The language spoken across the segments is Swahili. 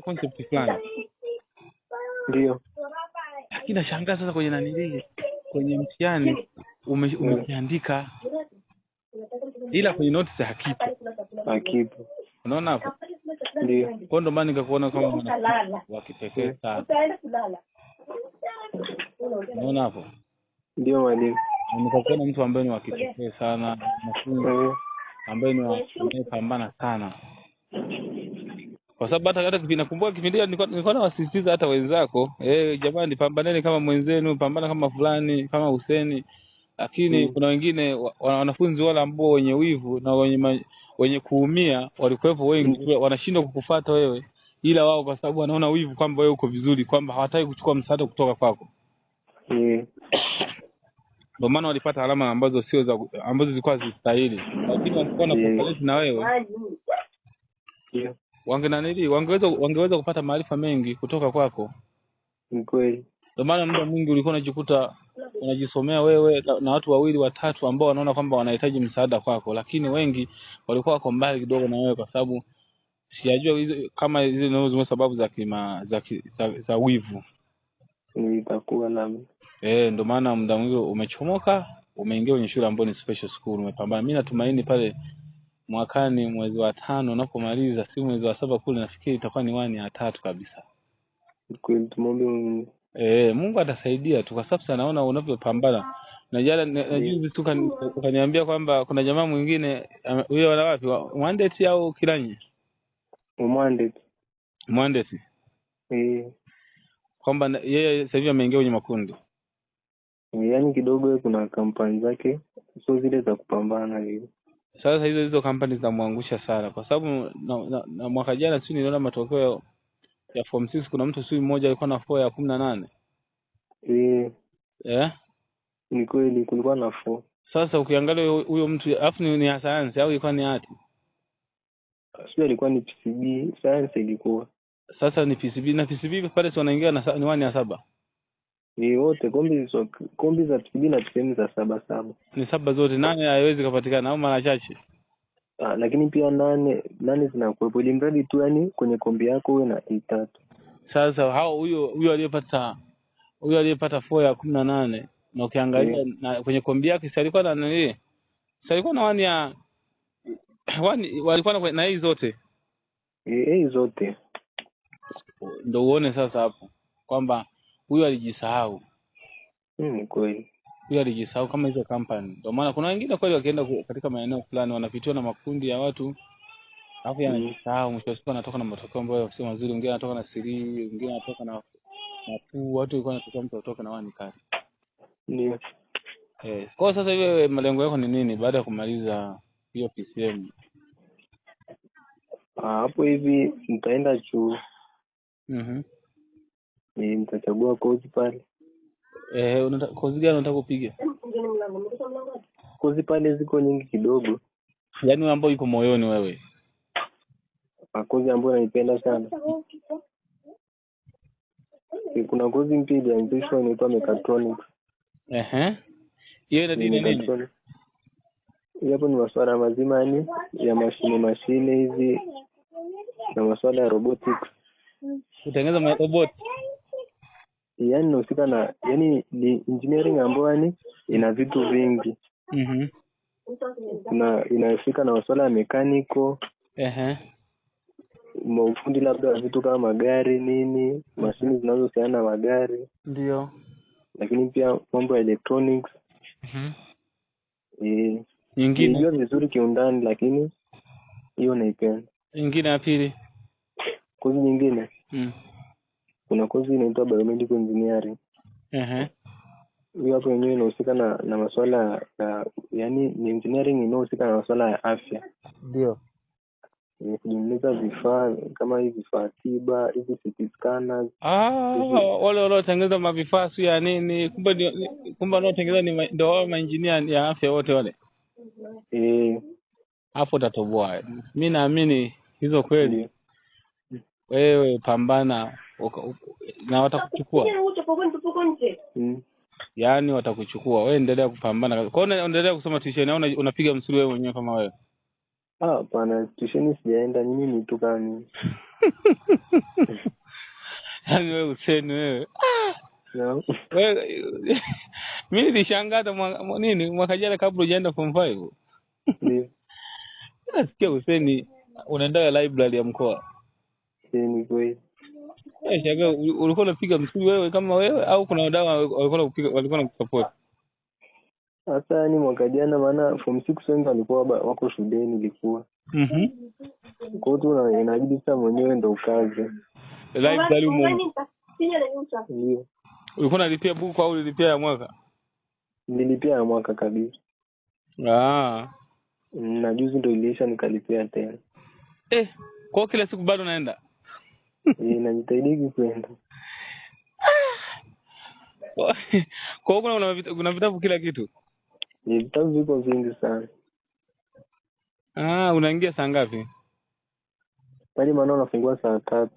concept fulani ndio, lakini nashangaa sasa kwenye nanilii kwenye mtihani ume, ila kwenye notes hakipo hakipo, unaona hapo ndio. Kwa ndo maana nikakuona kama mwanafunzi wa kipekee sana, unaona hapo ndio mwalimu, nikakuona mtu ambaye ni wa kipekee sana, mafunzo ambaye ni anayepambana sana kwa sababu hata hata kipindi nakumbuka kipindi nilikuwa nilikuwa nawasisitiza hata wenzako eh, jamani, pambaneni kama mwenzenu, pambana kama fulani kama Huseni, lakini mm. kuna wengine wa, wanafunzi wale ambao wenye wivu na wenye ma, wenye kuumia walikuwepo wengi mm. wanashindwa kukufata wewe, ila wao kwa sababu wanaona wivu kwamba wewe uko vizuri, kwamba hawataki kuchukua msaada kutoka kwako mm. ndio maana walipata alama ambazo sio za ambazo zilikuwa zistahili, lakini walikuwa na mm. na wewe yeah wangenanili wangeweza wangeweza kupata maarifa mengi kutoka kwako. Ni kweli. Ndio maana muda mwingi ulikuwa unajikuta unajisomea wewe na watu wawili watatu ambao wanaona kwamba wanahitaji msaada kwako, lakini wengi walikuwa wako mbali kidogo na wewe, kwa sababu sijajua kama hizi zimo sababu za kima, za, za, za wivu nitakuwa nami eh, ndio maana muda mwingi umechomoka, umeingia kwenye shule ambayo ni special school, umepambana. Mimi natumaini pale mwakani mwezi wa tano unapomaliza, si mwezi wa saba kule, nafikiri itakuwa ni wani ya tatu kabisa. E, Mungu. atasaidia tu, kwa sababu anaona unavyopambana na jana na juzi tu ukaniambia kwamba kuna jamaa mwingine huyo, wala wapi Mwandeti au Kiranye Mwandeti Mwandeti eh, kwamba yeye sasa hivi ameingia kwenye makundi eh, yaani kidogo, kuna kampani zake sio zile za kupambana hivi sasa hizo hizo kampani zinamwangusha sana, kwa sababu na, na, na mwaka jana sijui niliona matokeo ya form 6 kuna mtu sijui mmoja alikuwa na 4 ya kumi na nane. Eh, yeah. Ni kweli kulikuwa na 4. Sasa ukiangalia huyo mtu afu ni, ni ya sayansi au ilikuwa ni hati? Sio, ilikuwa ni PCB, sayansi ilikuwa. Sasa ni PCB na PCB pale si wanaingia na ni wani ya saba ni wote kombi so, kombi za PCB na PCM za saba saba ni saba zote, nane haiwezi kupatikana au mara chache. Ah, lakini pia nane nane zinakuwepo ili mradi tu yani kwenye kombi yako uwe na itatu. Sasa hao huyo huyo aliyepata huyo aliyepata four ya kumi na nane na ukiangalia mm. na kwenye kombi yake si alikuwa na nani? Si alikuwa na wani ya wani walikuwa na hii zote. Eh, zote. ndo uone sasa hapo kwamba huyo alijisahau mm, kweli huyo alijisahau kama hizo kampani. Ndio maana kuna wengine kweli wakienda katika maeneo fulani wanapitiwa na makundi ya watu alafu mm. yanajisahau, mwisho wa siku anatoka na matokeo ambayo sio mazuri. Wengine anatoka na siri, wengine anatoka na mapuu, watu walikuwa wanataka mtu atoke na wani kazi. Ndio. Eh, kwa sasa hivi malengo yako ni nini baada ya kumaliza hiyo PCM? Ah, hapo hivi nitaenda chuo. Mhm. Mm Eh, nitachagua kozi pale. Eh, unata, kozi gani unataka kupiga? Kozi pale ziko nyingi kidogo. Yaani wewe iko moyoni wewe. Ah, kozi ambayo naipenda sana. Eh, kuna kozi mpya ilianzishwa inaitwa mechatronics. Ehe. Hiyo ina nini? Hapo ni masuala mazima yani ya mashine mashine hizi na masuala ya robotics. Kutengeneza roboti. E, yani inahusika na yani ni engineering ambayo yani ina vitu vingi mm-hmm. na inahusika na masuala ya mekaniko uh-huh. maufundi labda vitu kama magari nini mashini zinazohusiana na magari ndio lakini pia mambo ya electronics mhm. e, ijua vizuri kiundani lakini hiyo naipenda nyingine ya pili kozi nyingine mm kuna kozi inaitwa biomedical engineering uh hiyo hapo yenyewe inahusika na na masuala ya yani ni engineering inayohusika na masuala ya afya ndio ni kujumliza vifaa kama hivi vifaa tiba hivi CT scanners ah, wale wanaotengeza mavifaa si ya nini kumbe kumbe wanaotengeza ni ndio wao mainjinia ya afya wote wale eh hapo utatoboa mi naamini hizo kweli wewe pambana na watakuchukua mm. Yaani watakuchukua wewe, endelea kupambana. Kwa hiyo unaendelea kusoma tuition au unapiga msuri wewe mwenyewe kama wewe? Ah, hapana, tuition sijaenda, ni tu kani. Yaani wewe useni wewe ah! No. mi nilishangaa hata mwa, nini mwaka jana kabla ujaenda form five ndio nasikia useni unaenda library ya mkoa. Ni kweli shaga ulikuwa unapiga msuri wewe kama wewe au kuna wadau walikuwa wanakupiga walikuwa wanakusupport? Sasa yani mwaka jana maana form 6 wengi walikuwa wako shuleni ilikuwa. Mhm. kwa hiyo tu inabidi sasa mwenyewe ndo ukaze. Live Dalimu. Ndio. Ulikuwa unalipia buku au ulilipia ya mwaka? Nilipia ya mwaka kabisa. Ah. Na juzi ndo iliisha nikalipia tena. Eh, kwa kila siku bado naenda? najitahidi kwenda kwa huko. Kuna vitabu kila kitu, vitabu viko vingi sana. Ah, unaingia saa ngapi pale? Maana unafungua saa tatu.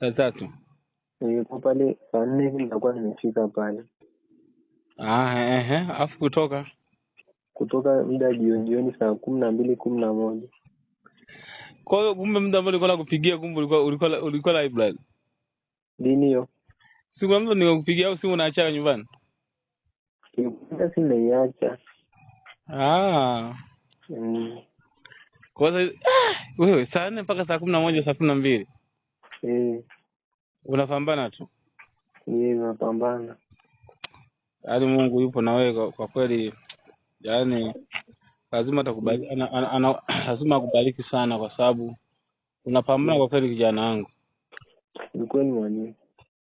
Saa tatu nilikuwa pale saa nne hivi nitakuwa nimefika pale. alafu ah, kutoka kutoka muda jioni jioni saa kumi na mbili kumi na moja kwa hiyo kumbe muda ambao ulikuwa nakupigia kumbe ulikuwa ulikuwa ulikuwa library. nini hiyo? si na mtu nikakupigia au simu unaacha nyumbani? Hata si nimeiacha. Ah. Mm. Kwa sasa ah, wewe saa nne mpaka saa kumi na moja saa kumi na mbili. Eh. Unapambana tu. Yeye napambana. Yaani Mungu yupo na wewe kwa, kwa kweli yaani lazima atakubali, ana, ana, ana, lazima akubariki sana, kwa sababu unapambana kwa kweli, kijana wangu. Ni kweli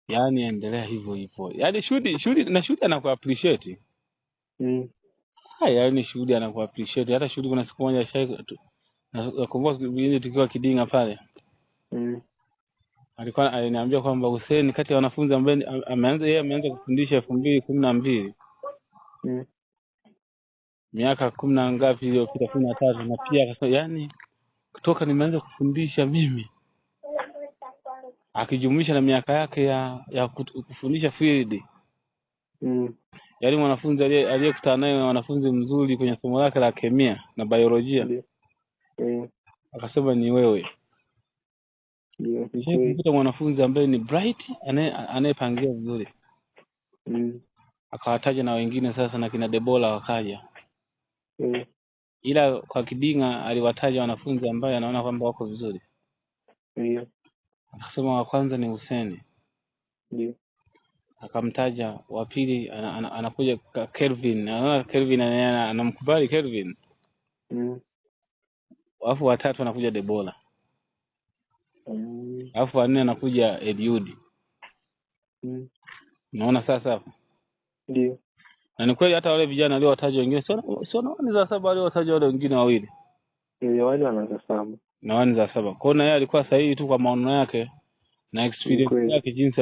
yaani endelea hivyo hivyo, yaani Shudi Shudi na Shudi appreciate mm. Yaani Shudi appreciate Hata Shudi kuna siku moja shai nakumbuka vile tukiwa Kidinga pale mm. alikuwa aliniambia kwamba Hussein kati ya wanafunzi ambaye ameanza yeye ameanza kufundisha elfu mbili kumi na mbili mm miaka kumi na ngapi iliyopita, kumi na tatu na pia akasema, yani kutoka nimeanza kufundisha mimi akijumuisha na miaka yake ya ya kufundisha field mm. Yaani mwanafunzi aliyekutana naye na mzuri kwenye somo lake la kemia na biolojia mm. Akasema ni wewe yeah, kukuta mwanafunzi ambaye ni bright anayepangia vizuri mm. Akawataja na wengine sasa, na kina Debola wakaja Mm. ila kwa Kiding'a aliwataja wanafunzi ambayo anaona kwamba wako vizuri. Ndio, Akasema wa kwanza ni Hussein, ndio, akamtaja wa pili, ana- anakuja Kelvin, anaona Kelvin anamkubali Kelvin, Mm. alafu watatu anakuja debola Mm. alafu wanne anakuja Eliud. Ndio. Mm. Naona sasa hapo? ndio, na ni kweli hata wale vijana aliowataja wengine si wanawani za saba aliowataja wale wengine wawili eh, wale wana za saba nawani za saba kwao na yeye alikuwa sahihi tu kwa maono yake na experience yake jinsi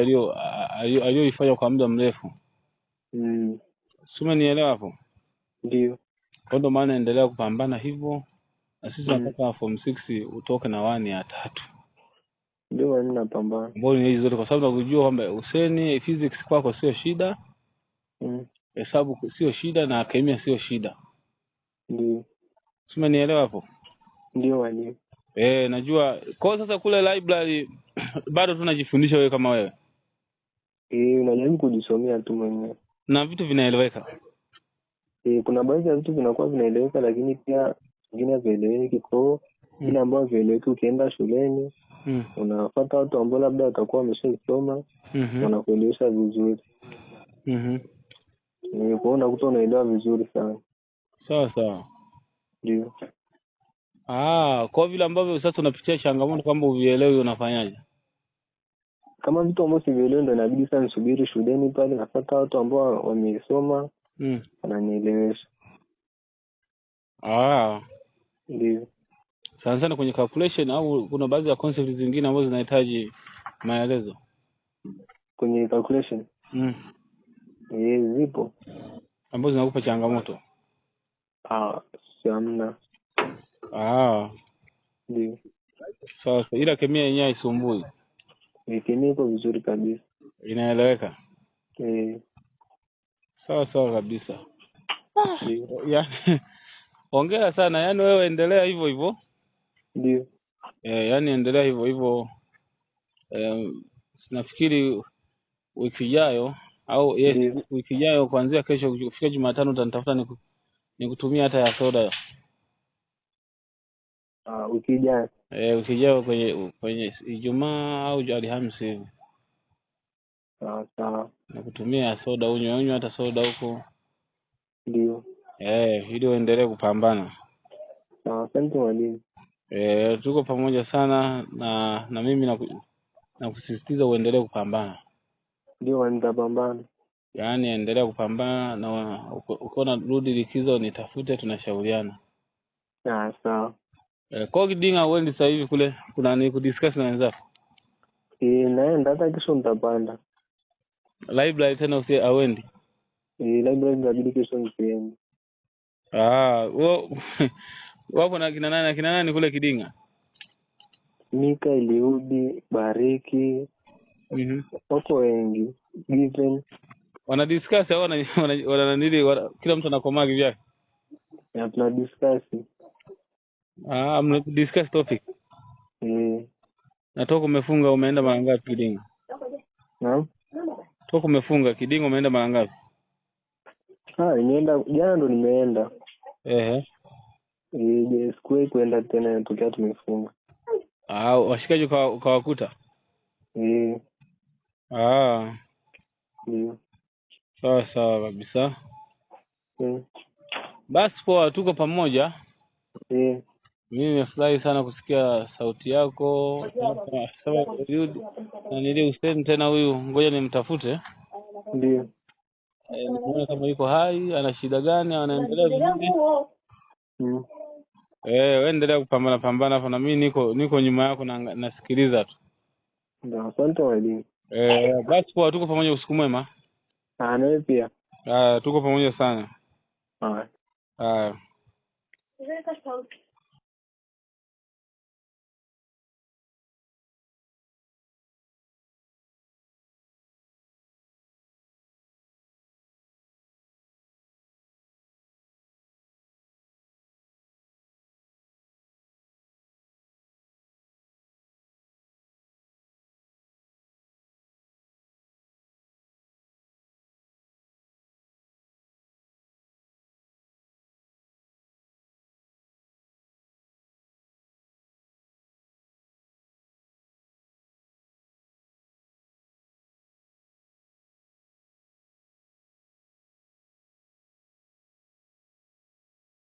aliyoifanya kwa muda mrefu mm. sume sumenielewa hapo ndio kwa ndo maana endelea kupambana hivyo na sisi mm. tunataka mm. form six utoke na wani ya tatu ndio napambana mbona hizi zote kwa sababu nakujua kwamba useni physics kwako sio shida mm hesabu sio shida na kemia sio shida. Ndio. Mm. Sima nielewa hapo? Ndio mwalimu. Eh, najua. Kwa sasa kule library bado tunajifundisha wewe kama wewe. Eh, unajaribu kujisomea tu mwenyewe. Na vitu vinaeleweka. Eh, kuna baadhi ya vitu vinakuwa vinaeleweka lakini pia vingine havieleweki kwao. Mm. Vile ambavyo havieleweki ukienda shuleni mm. unapata watu ambao labda watakuwa wameshasoma mm -hmm. wanakuelewesha vizuri. Mm -hmm nilikuona kuta unaelewa vizuri sana sawa sawa ndio ah kwa vile ambavyo sasa unapitia changamoto kwamba uvielewi unafanyaje kama vitu ambavyo sivielewi ndo inabidi saa nisubiri shuleni pale napata watu ambao wamesoma mm. wananielewesha ah ndio sana sana kwenye calculation au kuna baadhi ya concept zingine ambazo zinahitaji maelezo kwenye calculation mm. Yes, eh, zipo ambazo zinakupa changamoto. Ah, Ah, ndio sasa. ila kemia yenyewe haisumbui. Eh, kemia iko vizuri kabisa, inaeleweka eh. Sawa sawa kabisa. Ah, Ongera sana, yaani wewe endelea hivyo hivyo. Ndio. Eh, yaani endelea hivyo hivyo. Eh, nafikiri wiki ijayo au yes, yeah. Mm. wiki ijayo kuanzia kesho kufika Jumatano utanitafuta nikutumia hata ya soda. Uh, wiki ijayo eh, wiki ijayo kwenye kwenye Ijumaa au Alhamisi hivi. Ah, sawa sawa, nakutumia ya soda unywe, unywe hata soda huko. Ndio eh, ili uendelee kupambana. Ah, asante mwalimu. Eh, tuko pamoja sana na na mimi nakusisitiza na uendelee kupambana ndio nitapambana. Yaani endelea kupambana na ukiona rudi likizo nitafute, tunashauriana. Ah, sawa. Eh, kwa kidinga uendi sasa hivi kule kuna ni kudiscuss na wenzako? Eh, naenda hata kesho nitapanda. Library tena usi auendi? Eh, library nitabidi Ah, wapo na kina nani na kina nani kule Kidinga? Mika, iliudi Bariki, Mhm. wako wengi given discuss au wana, wana, nili kila mtu anakomaa kivyake ya tuna discuss ah mna discuss topic mm. na toka umefunga umeenda mara ngapi kidingo naam toka umefunga kidingo umeenda mara ngapi ah nimeenda jana ndo nimeenda ehe eh sikuwahi kwenda tena tokea tumefunga ah washikaji ukawakuta eh Ah. Ndio. Sawa sawa kabisa. Mm. Basi poa, tuko pamoja. Mm. Mimi nimefurahi sana kusikia sauti yako. nili Hussein tena huyu, ngoja nimtafute. Ndio. Eh, nione kama yuko hai, ana shida gani, anaendelea vizuri. Mm. Eh, wewe endelea kupambana pambana hapo na mimi niko niko nyuma yako na nasikiliza tu. Ndio, asante walimu. Eh, basi poa, tuko pamoja. Usiku mwema. Ah, nawe pia. Ah, tuko pamoja sana. Haya. Ah.